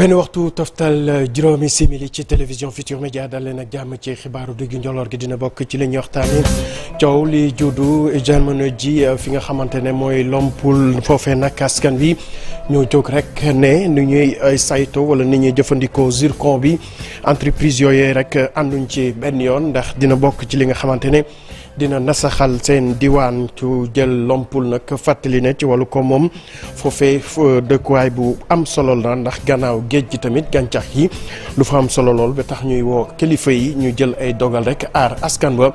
benn waxtu toftal euh, juróomi simili ci télévision Futur Média dal leen jàmm ci xibaaru diggu njoloor gi dina bokk ci li ñuy waxtaanee coow li juddu jamono ji euh, fi nga xamante ne mooy lompul foofe nag askan bi ñoo jóg rek ne ni ñuy euh, sayto wala ni ñuy jëfandikoo zircon bi entreprise yooyee rek ànduñ ci benn yoon ndax dina bokk ci li nga xamante ne. dina nasaxal seen diwaan ci jël lompul nag fàttali ne ci wàllu ko moom foofee dëkkuwaay bu am solo la ndax gannaaw géej gi tamit gàncax yi lu fa am solo lool ba tax ñuy woo kilifa yi ñu jël ay dogal rek aar askan ba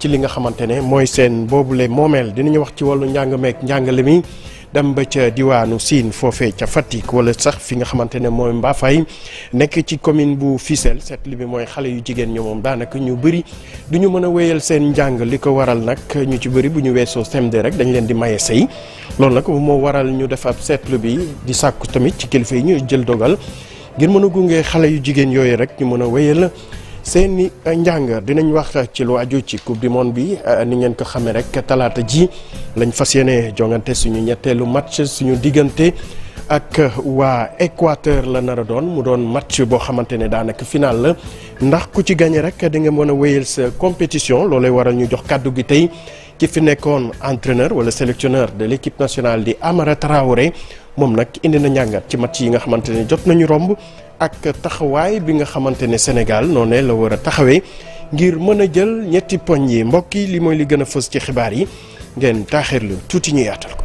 ci li nga xamante ne mooy seen boobule moomeel dinañu wax ci wàllu njàng meek njàngale mi. dem ba ca diwaanu siin foofee ca Fatick wala sax fi nga xamante ne mooy Mbafay nekk ci commune bu Fissel seetlu bi mooy xale yu jigéen ñi moom daanaka ñu bëri du ñu mën a wéyal seen njàng li ko waral nag ñu ci bëri bu ñu weesoo cm rek dañ leen di maye sëy loolu nag moo waral ñu def ab seetlu bi di sàkku tamit ci kilifa yi ñuy jël dogal ngir mën a gunge xale yu jigéen yooyu rek ñu mën a wéyal. seeni njàng dinañ wax ci lu aju ci coupe du monde bi eh, ni ngeen ko xamee rek talaata ji lañ fas yéene jongante suñu ñetteelu match suñu diggante ak waa Équateur la nar a doon mu doon match boo xamante ne daanaka final la ndax ku ci gagné rek di nga mën a wéyal sa compétition loolay waral ñu jox kàddu gi tey ki fi nekkoon entraîneur wala sélectionneur de l' équipe nationale di Amara Traoré moom nag indi na njàngat ci match yi nga xamante ne jot nañu romb. ak taxawaay bi nga xamante ne Sénégal noonu la war a taxawee ngir mën a jël ñetti poñ yi mbokk yi li mooy li gën a fës ci xibaar yi ngeen taaxirlu tuuti ñu yaatal ko.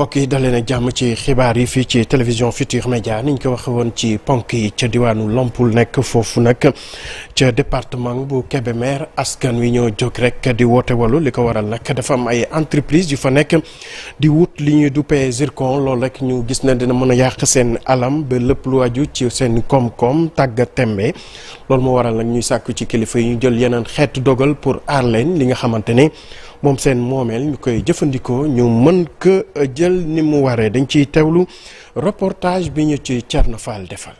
mbokk yi dalee na jàmm ci xibaar yi fii ci télévision Futur Média ni ñu ko waxee woon ci ponk yi ca diwaanu Lompul nekk foofu nag ca département bu Kébémer askan wi ñoo jóg rek di woote walu li ko waral nag dafa am ay entreprise yu fa nekk di wut li ñuy duppee zircon lool rek ñu gis na dina mën a yàq seen alam ba lépp lu aju ci seen koom-koom tàgga tembe loolu moo waral nag ñuy sàkk ci kilifa yi ñu jël yeneen xeetu dogal pour aar leen li nga xamante moom seen moomeel ñu koy jëfandikoo ñu mën ko euh, jël ni mu waree dañ ciy teewlu raportage bi ñu ci Thierno defar defal.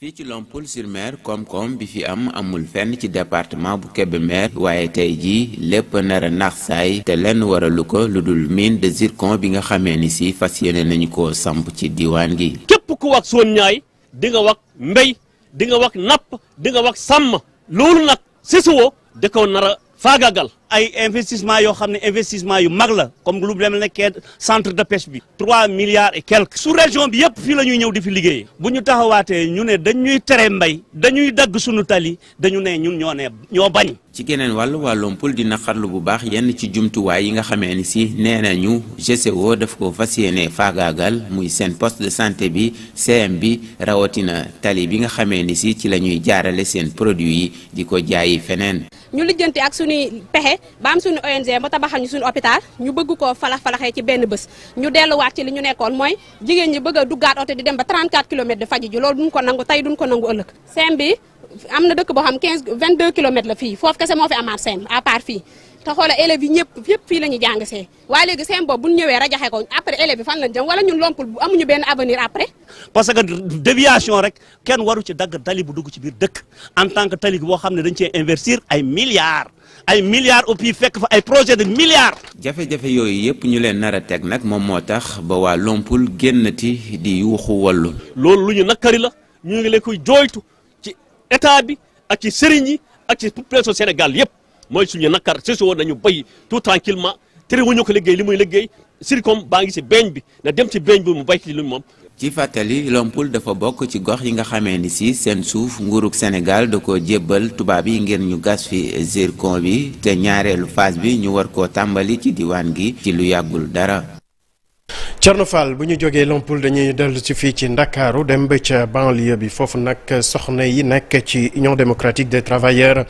fii ci Lompoul-sur-Mer koom-koom bi fi am amul fenn ci département bu Kébémer waaye tey jii lépp nar a naax saay te lenn waralu ko lu dul mine de zircon bi nga xamee ni si fas yeneen nañu ko samp ci diwaan gi. képp ku wax son ñaay di nga wax mbéy di nga wax napp di nga wax sàmm loolu nag si suwo da ko nar a faagagal ay investissement yoo xam ne investissement yu mag la comme lu demel nekkee centre de pêche bi trois milliards et quelques sous région bi yëpp fii la ñëw di fi liggéey bu ñu taxawaatee ñu ne dañuy tere mbay dañuy dagg suñu tali dañu ne ñun ñoo ne ñoo bañ ci geneen wàll waa Lompoul dina xarlu bu baax yenn ci jumtuwaay yi nga xamee ni si nee nañu GCO daf ko fas yéene faagaagal muy seen poste de santé bi CM bi rawatina tali bi nga xamee ni si ci la ñuy jaarale seen produit yi di ko jaayi feneen ñu ba am suñu ONG ba tabaxal ñu suñu hôpital ñu bëgg koo falax-falaxee ci benn bés ñu delluwaat ci li ñu nekkoon mooy jigéen ñi bëgg a duggaat oto di dem ba 34 kilomètres de faju ji loolu duñ ko nangu tey duñ ko nangu ëllëg sem am na dëkk boo xam 15 22 kilomètres la fii foofu fi amaat sem à part fii te xoola élèves yi fii la ñuy jàng see waaye léegi seen boobu bu ñu ñëwee rajaxe ko après élèves yi fan lañ jëm wala ñun lompul bu benn avenir après parce que déviation rek kenn waru ci dagg tali bu dugg ci biir dëkk en tant que tali boo xam ne dañ cee investir ay milliards ay milliards au pays fekk fa ay projet de milliards. jafe-jafe yooyu yëpp ñu leen nar a teg nag moom moo tax ba waa Lompul génnati di yuuxu wallu. loolu lu ñu nakkari la ñu ngi leen koy jooytu ci état bi ak ci sëriñ yi ak ci population Sénégal yëpp mooy suñu nakkar sësu woon nañu béy tout tranquillement tere wuñu ko liggéey li muy liggéey sircom baa ngi si beeñ bi na dem ci beeñ bi mu béy ci lu moom ci fàttali lompul dafa bokk ci gox yi nga xamee ni si seen suuf nguurug Sénégal da ko jébbal tubaab yi ngir ñu gas fi zircon bi te ñaareelu phase bi ñu war koo tàmbali ci diwaan gi ci lu yàggul dara. Cerno Fall bu ñu jógee lompul dañuy dellu ci fii ci Ndakaaru dem ba ca banlieue bi foofu nag soxna yi nekk ci Union démocratique de travailleurs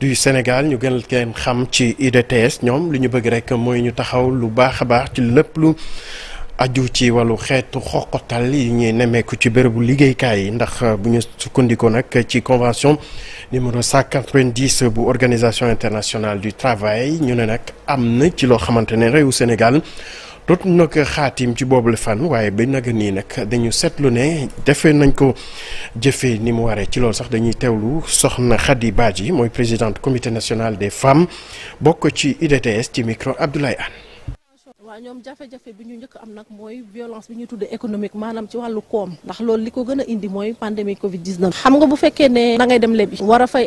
du Sénégal ñu gën leen xam ci UDTS ñoom lu ñu bëgg rek mooy ñu taxaw lu baax a baax ci lépp lu aju ci wàllu xeetu xoqotal yi ñuy nemmeeku ci bérébu liggéeykaay yi ndax euh, bu ñu sukkandikoo nag ci convention numéro 190 bu organisation internationale du travail ñu ne nag am na ci loo xamante ne réewu Sénégal dootu nag xaatim ci boobu la fan waaye ba nag nii nag dañu seetlu ne defee nañ ko jëfee ni mu waree ci loolu sax dañuy teewlu soxna Khady yi mooy présidente comité national des femmes bokk ci IDTS ci micro Abdoulaye Anne. ñoom jafe-jafe bi ñu njëkk am nag mooy violence bi ñuy tuddee économique maanaam ci wàllu koom ndax loolu li ko gën a indi mooy pandémie Covid 19. xam nga bu fekkee ne da ngay dem lebi war a fay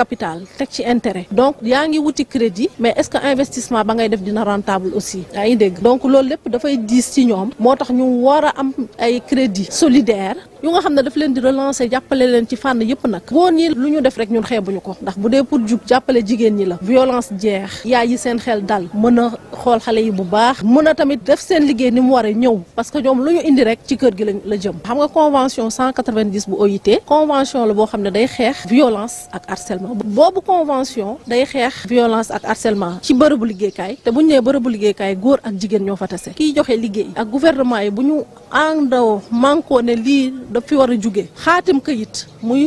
capital teg ci intérêt donc yaa ngi wuti crédit mais est-ce que investissement ba ngay def dina rentable aussi yaa ngi dégg donc loolu lépp dafay diis ci ñoom moo tax ñu war a am ay crédit solidaire yu nga xam ne daf leen di relancer jàppale leen ci fànn yëpp nag góor ñi lu ñu def rek ñun xeebuñu ko ndax bu dee pour jug jàppale jigéen ñi la violence jeex yaay yi seen xel dal mën a xool xale yi bu baax mën a tamit def seen liggéey ni mu waree ñëw parce que ñoom lu ñu indi rek ci kër gi lañ la jëm xam nga convention 190 bu OIT convention la boo xam ne day xeex violence ak harcèlement boobu convention day xeex violence ak harcèlement ci bërëbu liggéeykaay te bu ñu nee bërëbu liggéeykaay góor jigéen ñoo fa tase kiy joxe liggéey ak gouvernement yi bu ñu àndoo mànkoo ne lii daf fi war a jugee xaatim kayit muy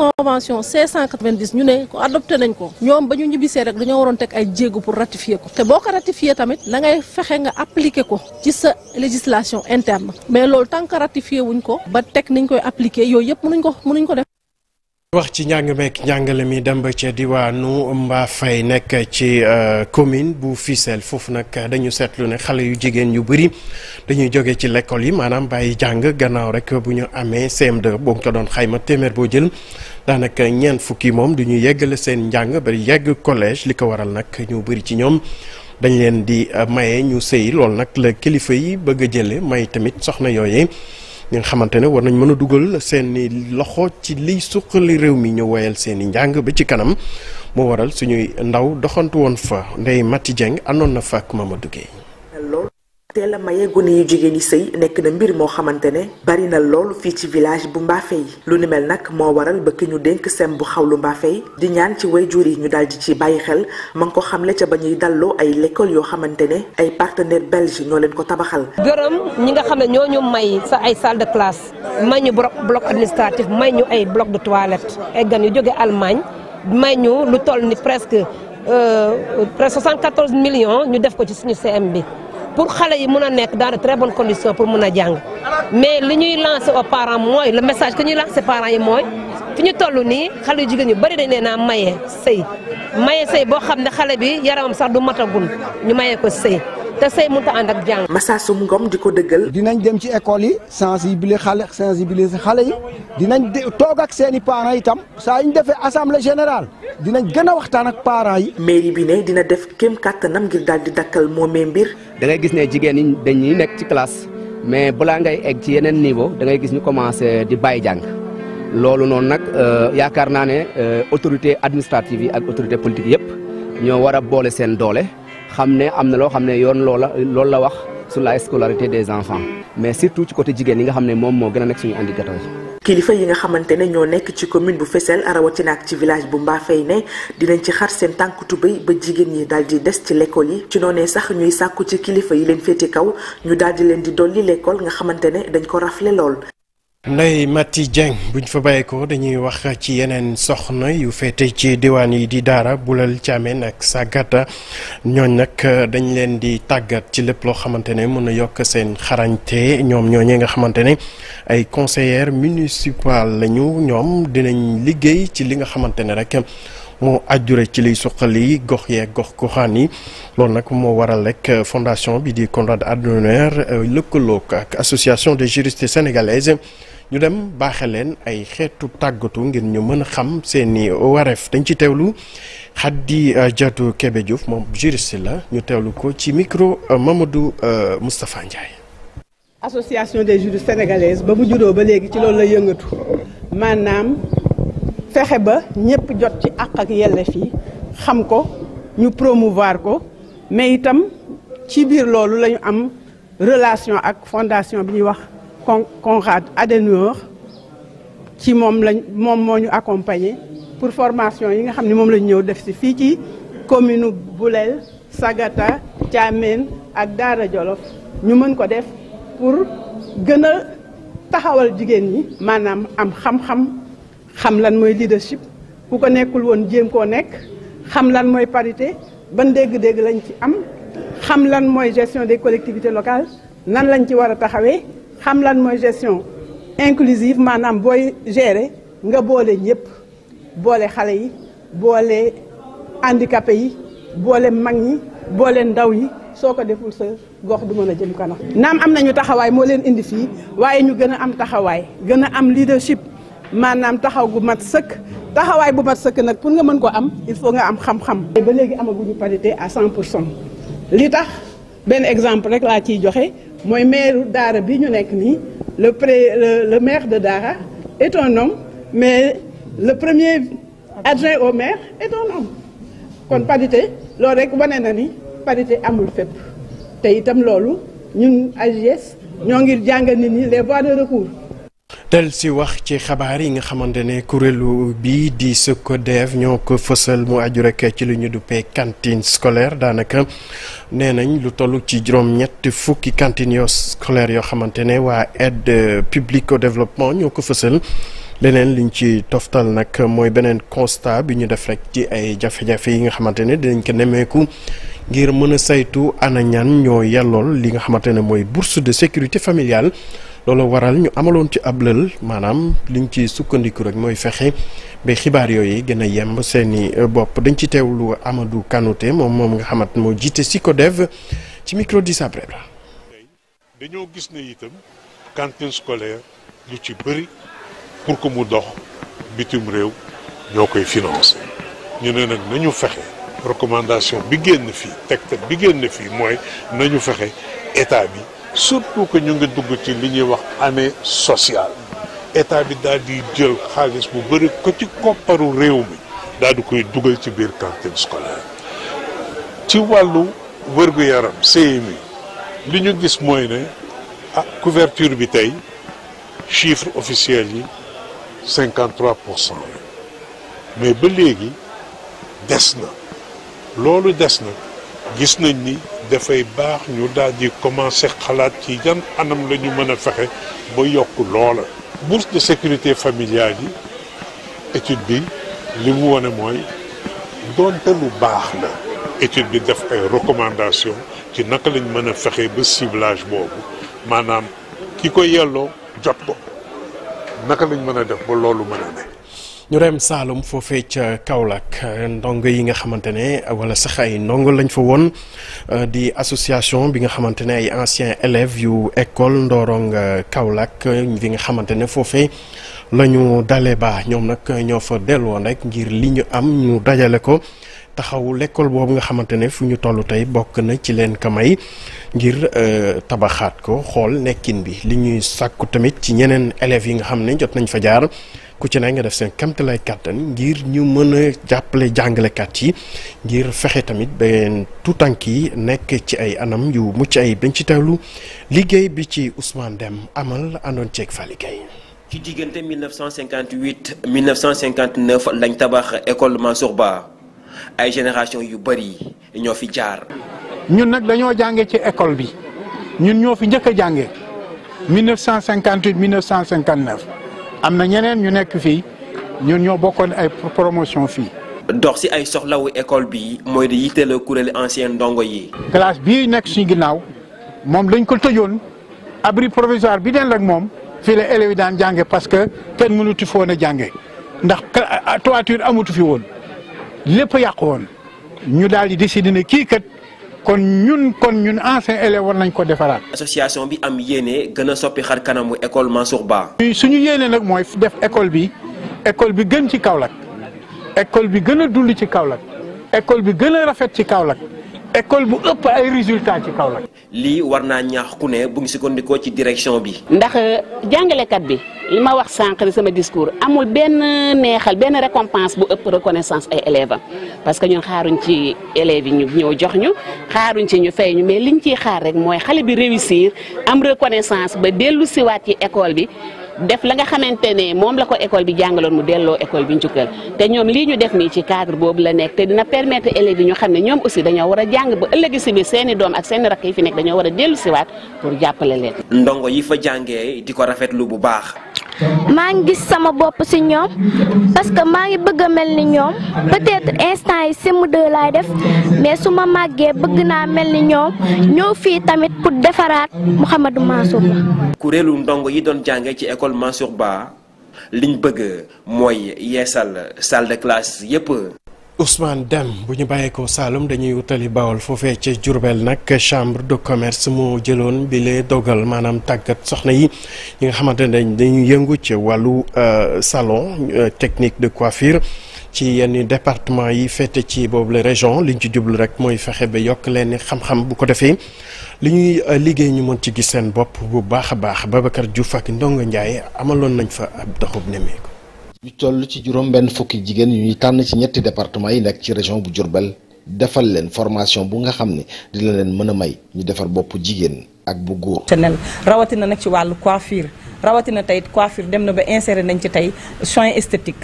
convention 590 ñu ne ko adopté nañ ko ñoom ba ñu ñibbisee rek dañoo waroon teg ay jéego pour ratifier ko te boo ko ratifier tamit da ngay fexe nga appliquer ko ci sa législation interne mais loolu tant que ratifier wuñ ko ba teg niñ koy appliquer yooyu yëpp mënuñ ko mënuñ ko def wax ci njàng meek njàngale mi dem ba ca diwaanu Mbaafay nekk ci euh, commune bu Fissel foofu nag dañu seetlu ne xale yu jigéen ñu bëri dañuy jóge ci lekkool yi maanaam bàyyi jàng gannaaw rek bu ñu amee CM2 boo ko doon xayma téeméer boo jël daanaka ñeent fukki moom du ñu yeggale seen njàng ba yegg collège li ko waral nag ñu bëri ci ñoom dañ leen di euh, maye ñu sey lool nag la kilifa yi bëgg a jële may tamit soxna yooyee ñi nga xamante ne war nañ mën a dugal seeni loxo ci liy suqali réew mi ñëw woyal seen i njàng bi ci kanam moo waral suñuy ndaw doxantu woon fa ndey Mati Dieng àndoon na fàkk ak Mamadou Gueye teel a maye gone yu jigéen yi sëy nekk na mbir moo xamante ne bari na lool fii ci village bu Mbafey lu ni mel nag moo waral ba ki ñu dénk sem bu xaw lu xawlu Mbafey di ñaan ci wayjur yi ñu daal di ci bàyyi xel ma ngi ko xamle ca ba ñuy dalloo ay l'école yoo xamante ne ay partenaires belge ñoo leen ko tabaxal. gërëm ñi nga xam ne ñoo ñu may sa ay salle de classe may ñu bloc administratif may ñu ay bloc de toilette ay gan yu jóge Allemagne may ñu lu toll ni presque euh, presque 74 millions ñu def ko ci suñu CM bi. pour xale yi mun a nekk dans de très bon conditions pour mun a jàng mais li ñuy lancer aux parents mooy la message que ñuy lancer parent yi mooy fi ñu toll nii xale yu jigéen ñu bëri dañ nee naa maye sëy maye sëy boo xam ne xale bi yaram sax du matagul ñu maye ko sëy te sëy mënut a ànd ak jàng. Massassou Ngom di ko dëggal. dinañ dem ci école yi sensibiliser xale sensibiliser xale yi dinañ toogak ak seen i parents itam saa yu ñu defee assemblée générale dinañ gën a waxtaan ak parent yi. mairie bi ne dina def kéem kàttanam ngir daal di dakkal moomee mbir. dangay gis ne jigéen ñi dañuy nekk ci classe mais balaa ngay egg ci yeneen niveau da ngay gis ñu commencé di bàyyi jàng. loolu noonu nag euh, yaakaar naa ne euh, autorité administrative yi ak autorité politique yëpp ñoo war a boole seen doole. xam ne am na loo xam ne yoon loola loolu la wax sur la scolarité des enfants mais surtout ci côté jigéen yi nga xam ne moom moo gën a nekk suñu indicateur kilifa yi nga xamante ne ñoo nekk ci commune bu Fessel rawatina ak ci village bu Mbafey ne dinañ ci xar seen tànk tubéy ba jigéen ñi daal di des ci lekkool yi ci noonee sax ñuy sàkku ci kilifa yi leen féete kaw ñu daal di leen di dolli l'école nga xamante ne dañ ko rafle lool Ndeye Mati Dieng buñ fa bàyyeekoo dañuy wax ci yeneen soxna yu féete ci diwaan yi di Daara Bulal Thiamène ak Sagata ñooñ nag dañ leen di tàggat ci lépp loo xamante ne mën na yokk seen xarañte ñoom ñooñee nga xamante ne ay conseillers municipaux lañu ñoom dinañ liggéey ci li nga xamante ne rek. moo ajjure ci liy suqali gox yee gox goxaan yi loolu nag moo waral rek euh, fondation bi di Konrad Adenauer euh, lëkkaloo ak association des juristes sénégalaises ñu dem baaxe leen ay xeetu tàggatu ngir ñu mën a xam seeni wareef dañ ci teewlu Xaddi euh, Diatou kebe Diouf moom juriste la ñu teewlu ko ci micro Mamadou Moustapha Ndiaye. association des juristes sénégalaises ba mu juddoo ba léegi ci loolu la yëngatu maanaam. fexe ba ñëpp jot ci àq ak yelleef yi xam ko ñu promouvoir ko mais itam ci biir loolu la ñu am relation ak fondation bi ñuy wax Konrad Adenauer ci moom lañ moom moo ñu accompagner pour formation yi nga xam ne moom la ñëw def si fii ci commune Boulel Sagata Thiamène ak Daara Jolof ñu mën ko def pour gën a taxawal jigéen ñi maanaam am xam-xam xam lan mooy leadership ku ko nekkul woon jéem koo nekk xam lan mooy parité ban dégg-dégg lañ ci am xam lan mooy gestion des collectivités locale nan lañ ci war a taxawee xam lan mooy gestion inclusive maanaam booy gérer nga boole ñëpp boole xale yi boole handicapé yi boole mag ñi boole ndaw yi soo ko deful sa gox du ma a jëm kanam. naam am nañu taxawaay moo leen indi fii waaye ñu gën a am taxawaay gën a am leadership. maanaam taxaw gu mat sëkk taxawaay bu mat sëkk nag pour nga mën ko am il faut nga am xam-xam. ba léegi amaguñu parité à 100 pour cent li tax benn exemple rek laa ciy joxe mooy maire daara bi ñu nekk nii le pré le, le maire de Daara est nom mais le premier adjoint au maire est un kon parité loolu rek wane na ni parité amul fépp te itam loolu ñun ags ñoo ngir jàngal nit ñi les voies de recours. del si wax ci xabaar yi nga xamante ne kuréelu bii di SOCODEV ñoo ko fësal mu aju rek ci lu ñu duppee cantine scolaire daanaka nee nañ lu toll ci juróom-ñett fukki cantines yoo yoo xamante ne waa aide publique au développement ñoo ko fësal leneen liñ ci toftal nag mooy beneen constat bi ñu def rekk ci ay jafe-jafe yi nga xamante ne dinañ ko nemmeeku ngir mën a saytu ana ñan ñoo yellool li nga xamante ne mooy bourse de sécurité familiale loolu waral ñu amaloon ci ab lël maanaam liñ ci sukkandiku rek mooy fexe ba xibaar yooyu gën a yemb seeni euh, bopp dañ ci lu Amadou Kanouté moom moom nga xamante moo jiite SYCODEV ci micro di Sabre la dañoo gis ne itam cantine scolaire lu ci bëri pour que mu dox bitim réew ñoo koy financé ñu ne nag nañu fexe recommandation bi génn fii tegtal bi génn fii mooy nañu fexe état bi surtout que ñu ngi dugg ci li ñuy wax année sociale état bi daal jël xaalis bu bëri ko ci kopparu réew mi daal di koy dugal ci biir cantine scolaire ci wàllu wér-gu-yaram CMU li ñu gis mooy ne ak ah, couverture bi tey chiffre officiel yi cinquante trois pour mais ba léegi des na loolu des na gis nañ ni dafay baax ñu daal di commencer xalaat ci yan anam la ñu mën a fexe ba yokk loola. bourse de sécurité familiale yi étude bi li mu wone mooy doonte lu baax la étude bi def ay recommandations ci naka lañ mën a fexe ba ciblage boobu maanaam ki ko yelloo jot ko naka lañ mën a def ba loolu mën a ne. ñu dem Saalum foofee ca Kaolack ndongo yi nga xamante ne wala sax ay ndongo lañ fa woon euh, di association bi nga xamante ne ay anciens élèves yu école Ndorong euh, Kaolack bi nga xamante ne foofee la ñu ba ñoom nag ñoo fa delluwoon rek ngir li ñu am ñu dajale ko. taxawu lekkool boobu nga xamante ne fu ñu toll tey bokk na ci leen ka may ngir euh, tabaxaat ko xool nekkin bi li ñuy sàkku tamit ci ñeneen élèves yi nga xam ne jot nañ fa jaar ku ci ne nga def seen kamtalay kàttan ngir ñu mën a jàppale jàngalekat yi ngir fexe tamit benn tuutànk yi nekk ci ay anam yu mucc ay dañ ci teewlu liggéey bi ci Ousmane Deme amal àndoon ceeg Fally Gueye ci diggante 1958 1959 lañ tabax école Mansour Ba ay génération yu bëri ñoo fi jaar. ñun nag dañoo jànge ci école bi ñun ñoo fi njëkk a jànge 1958 1959. am na ñeneen ñu nekk fii ñun ñoo bokkoon ay promotion fii. dox si ay soxlawu école bi mooy di yitteelu kuréelu ancien ndongo yi. classe bii nekk suñu ginnaaw moom lañ ko tëjoon abri provisoire bi den ak moom fii la élèves daan jànge parce que kenn mënutu woon a jànge ndax toiture amatu fi woon lépp yàqu woon ñu daal di décider ne kon ñun kon ñun ancien élève war nañ ko defaraat. association bi am yéene gën a soppi xar kanamu école Mansour Ba. suñu yéene nag mooy def école bi école bi gën ci Kaolack école bi gën a dund ci Kaolack école bi gën a rafet ci Kaolack. école bu ëpp ay résultat ci Kaolack. lii war naa ñaax ku ne bugg ngi sukkandikoo ci direction bi. ndax euh, jàngalekat bi li ma wax sànq sama discours amul benn neexal benn récompense bu ëpp reconnaissance ay élèves am parce que ñun xaaruñ ci élève yi ñu ñëw jox ñu xaaruñ ci ñu fay ñu mais liñ ciy xaar rek mooy xale bi réussir am reconnaissance ba dellu siwaat ci école bi. def la nga xamante ne moom la ko école bi jàngaloon mu delloo école bi njukkal te ñoom lii ñu def nii ci cadre boobu la nekk te dina permettre élèves ñu xam ne ñoom aussi dañoo war a jàng ba ëllëg si biir seeni doom ak seeni rakk yi fi nekk dañoo war a dellu siwaat pour jàppale leen. ndongo yi fa jàngee di ko rafetlu bu baax. maa ngi gis sama bopp si ñoom parce que maa ngi bëgg a mel ni ñoom peut-être instant yi CM2 laay def mais su ma màggee bëgg naa mel ni ñoom ñëw fii tamit pour defaraat Mouhamadou Mansour Ba. kuréelu ndongo yi doon jànge ci école Mansour Ba liñ bëgg mooy yeesal salle de classe yépp Ousmane Deme bu ñu bàyyeekoo Saalum dañuy wutali Bawol foofee ca Diourbel nag chambre de commerce moo jëloon bi lee dogal maanaam tàggat soxna yi ñi nga xamante ne dañuy yëngu ci wàllu euh, salon euh, technique de coiffure ci yenn département yi féete ci boobu la région liñ ci jublu rek mooy fexe ba yokk leen xam-xam bu ko defee li ñuy euh, liggéey ñu mën ci gis seen bopp bu baax a baax Babacar ju ak Ndongo Ndiaye amaloon nañ fa ab doxub nemmeeku. ñu toll ci juróom benn fukki jigéen yu ñuy tànn ci ñetti département yi nekk ci région bu Diourbel defal leen formation bu nga xam ne dina leen mën a may ñu defar bopp jigéen ak bu góor. rawatina nag ci wàllu coiffure rawatina tey coiffure dem na ba insérer nañ ci tey soin esthétique.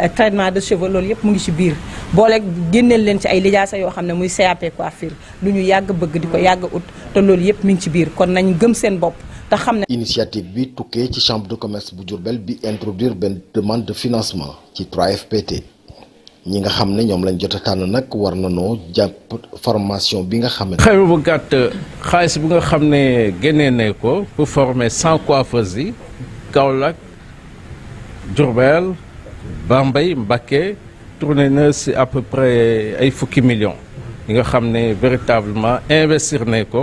Euh, traitement de cheveux loolu yëpp mu ngi ci biir boole génneel leen ci ay lijaasa yoo xam ne muy CAP coiffure lu ñu yàgg bëgg di ko yàgg ut te loolu yëpp mu ngi ci biir kon nañ gëm seen bopp. te xam ne. initiative bi tukkee ci chambre de commerce bu Diourbel bi introduire benn demande de financement ci 3FPT ñi nga xam ne ñoom lañ jot tànn nag war na noo jàpp formation bi nga xam ne. xayma bu gàtt xaalis bi nga xam ne génnee ne ko pour former cent coiffeuses yi Kaolack Diourbel Bambey Mbacké tourné na si à peu près ay fukki millions yi nga xam ne véritablement investir ne ko.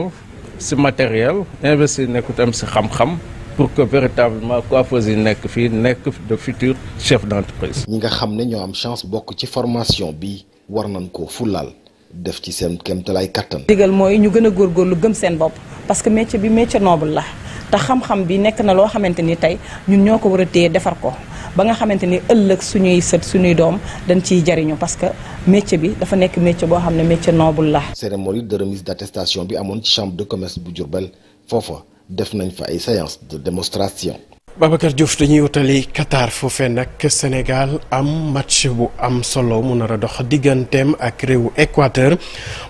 si matériel investir nekku tam si xam-xam pour que véritablement coiffeurs yi nekk fii nekk de futur chef d'entreprise. ñi nga xam ne ñoo am chance bokk ci formation bi war nañ koo fulaal def ci seen kéemtalaay kattan. digal mooy ñu gën a góorgóorlu gëm seen bopp parce que métier bi métier noble la te xam-xam bi nekk na loo xamante ni tey ñun ñoo ko war a téye defar ko. ba nga xamante ni ëllëg suñuy sët suñuy doom dañ ciy jariñu parce que métier bi dafa nekk métier boo xam ne métier noble la. cérémonie de remise d'attestation bi amoon ci chambre de commerce bu Diourbel foofa def nañ fa ay séance de démonstration. Babacar Diouf dañuy wutali Qatar foofee nag Sénégal am match bu am solo mu nar a dox digganteem ak réewu Équateur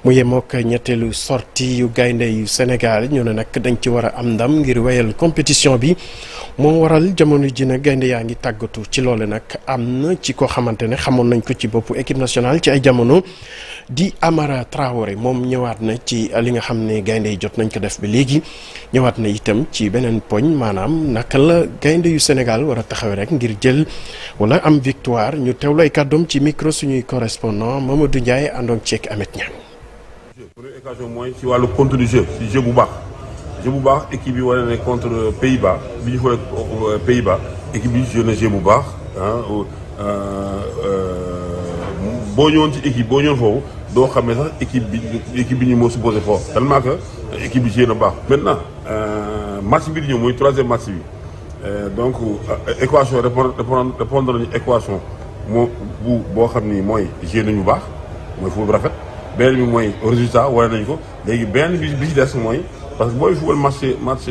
mu yemook ñetteelu sortie yu gaynde yu Sénégal ñu ne nag dañ ci war a am ndam ngir wéyal compétition bi moo waral jamono ji nag gaynde yaa ngi tàggatu ci loole nag am na ci koo xamante ne xamoon nañ ko ci boppu équipe nationale ci ay jamono di Amara Traoré moom ñëwaat na ci li nga xam ne gaynde yi jot nañ ko def bi léegi ñëwaat na itam ci beneen gaynde yu Sénégal war a taxawe rek ngir jël wala am victoire ñu teewlu ay kàddoom ci micro suñuy correspondant Mamadou Ndiaye àndoon ceeg Ameth Niang. première occasion mooy ci wàllu compte du jeu ci jeu bu baax jeu bu baax équipe yi wane ne contre Pays-Bas bi ñu xoolee euh, Pays-Bas na jeu bu baax euh, euh, boo ñëwoon ci équipe boo ñëwoon foofu doo xam ne sax équipe bi équipe bi ñu moo supposé fort tellement que équipe bi joué na baax maintenant match bi di ñëw mooy troisième match bi. Euh, donc euh, équation répondre répondre nañu équation moo bu boo xam ni mooy génn nañu baax mooy football bu rafet beneen bi mooy résultat wane nañu ko léegi benn bi bi ci des mooy parce que booy football match match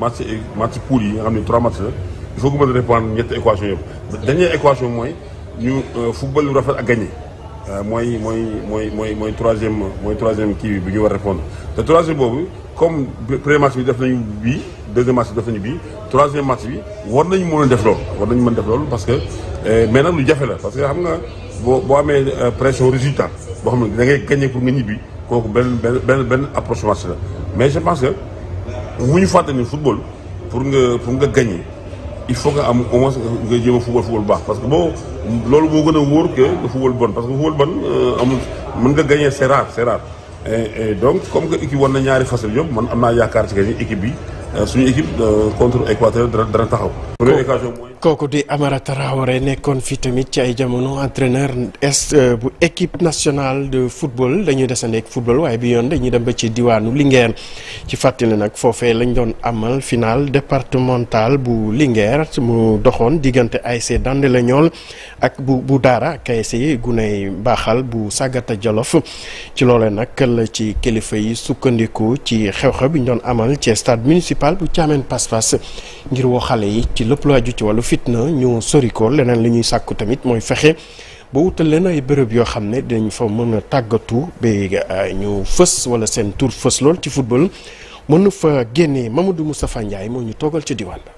match match poule yi nga xam ni trois matchs la il faut que mën a répondre ñetti équation yëpp dernière équation mooy ñu euh, football lu rafet ak gagné mooy mooy mooy mooy mooy troisième mooy troisième kii bi bi ñu war répondre te troisième boobu comme premier match bi def nañu bii deuxième match bi def bii troisième match bi war nañu mën a def loolu war nañu mën def lool parce que eh, mais nag lu jafe la parce que xam nga boo boo amee euh, pression résultat boo xam ne da ngay gagné pour nga ñibbi kooku benn benn benn benn approche match la mais je pense que mu ñu fàtte ni football pour nga pour nga gagné il faut nga am au nga jéem a football football baax parce que boo loolu boo gën a wóor que nga football bon parce que football euh, mën nga gagné c'est rare et donc comme que équipe woon na ñaari façon yëpp man am naa yaakaar ci que ni équipe bi. Euh, suñu équipe contre Équateur dara taxaw. kooku di Amara Traoré nekkoon fii tamit ci ay jamono entraîneur est euh, bu équipe nationale de football dañuy desandi ak football waaye bi dañuy dem ba ci diwaanu Linguère ci fàttali nag foofee lañ doon amal final départemental bu Linguère mu doxoon diggante ASC Dandeléniol ak bu bu Daara ak ASC Guney Baaxal bu Sagata Jolof ci loolee nag la ci kilifa yi sukkandiku ci xew-xew bi doon amal ci stade municipal. municipal bu Thiamène Pass Pass ngir woo xale yi ci lépp lu aju ci wàllu fitna ñu sori leneen li ñuy sàkku tamit mooy fexe ba wutal leen ay bërëb yoo xam ne dañ fa mën a tàggatu ba euh, ñu fës wala seen tur fës lool ci football mën na fa génnee Mamadou Moustapha Ndiaye moo ñu toogal ci diwaan ba.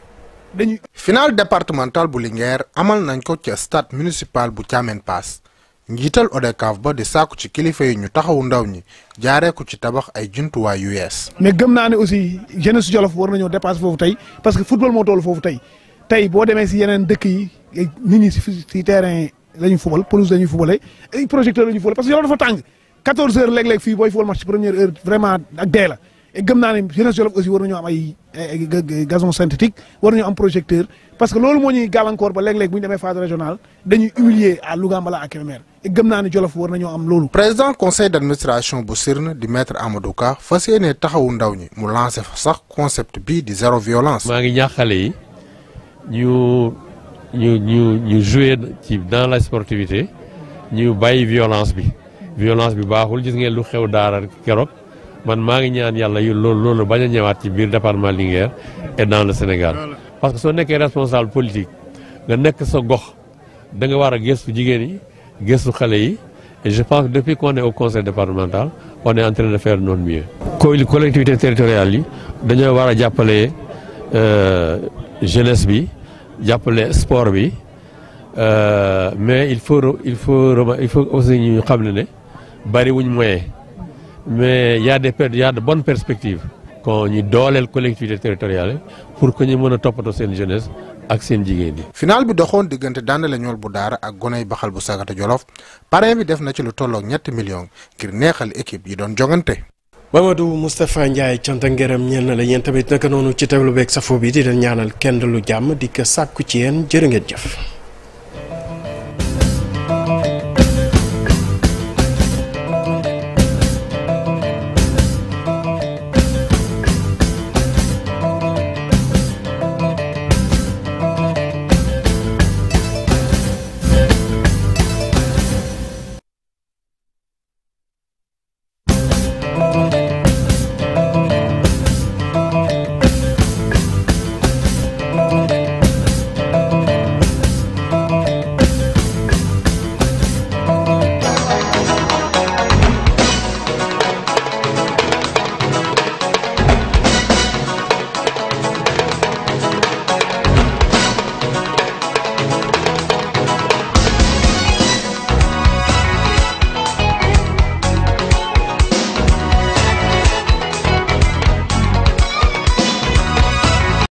dañuy final départemental bu Linguère amal nañ ko ca stade municipal bu Thiamène Pass. njiital ODCAV ba di sàkku ci kilifa yi ñu taxawu ndaw ñi jaaree ko ci tabax ay jumtuwaay yu yees. mais gëm naa ne aussi jeunesse Jolof war nañoo dépassé foofu tey parce que football moo toll foofu tey tey boo demee si yeneen dëkk yi nit ñi si terrain la ñu fubal pelouse la ñuy fubalee ay projecteur la ñuy fubale parce que Jolof dafa tàng 14 heures léeg-léeg fii booy fubal match ci première heure vraiment ak dee la. gëm naa ne jeunesse Jolof aussi war nañoo am war nañoo am projecteur parce que loolu moo ñuy gàllankoor ba léeg-léeg bu ñu demee phase régionale dañuy humilier à Louga gëm naa ne Jolof war nañoo am loolu. président conseil d' bu sirn di maître Amadou Ka fas yéene taxawu ndaw ñi mu lancé fa sax concept bii di zéro violence. maa ngi ñaax ñu ñu ñu ñu ci dans la sportivité ñu bàyyi violence bi violence bi baaxul gis ngeen lu xew daara keroog man maa ngi ñaan yàlla yu loolu loolu bañ ñëwaat ci biir département Linguère et dans le Sénégal parce que soo nekkee responsable politique nga nekk sa gox da war a gëstu jigéen yi. gëstu xale yi je pense que depuis qu'on est au conseil départemental on est en train de faire de notre mieux. collectivité territoriale yi dañoo war a jàppale euh, jeunesse bi jàppale sport bi euh, mais il faut il faut il faut aussi ñu xam ne ne bari wuñ moyen mais y des y a de bonnes perspectives. kon ñu dooleel collectivité territoriale pour que ñu mën a toppatoo seen jeunesse. ak seen jigéen yi. finaal bi doxoon diggante Dande ñool bu daara ak goney baxal bu sagata jolof parrain bi def na ci lu tolloog ñetti millions ngir neexal équipe yi doon jongante. Mamadou Moustapha Ndiaye cant ak ngërëm ñeel la yéen tamit naka noonu ci teewlu beeg safo bi di leen ñaanal kenn lu jàmm di ko sàkku ci yéen jërë ngeen jëf.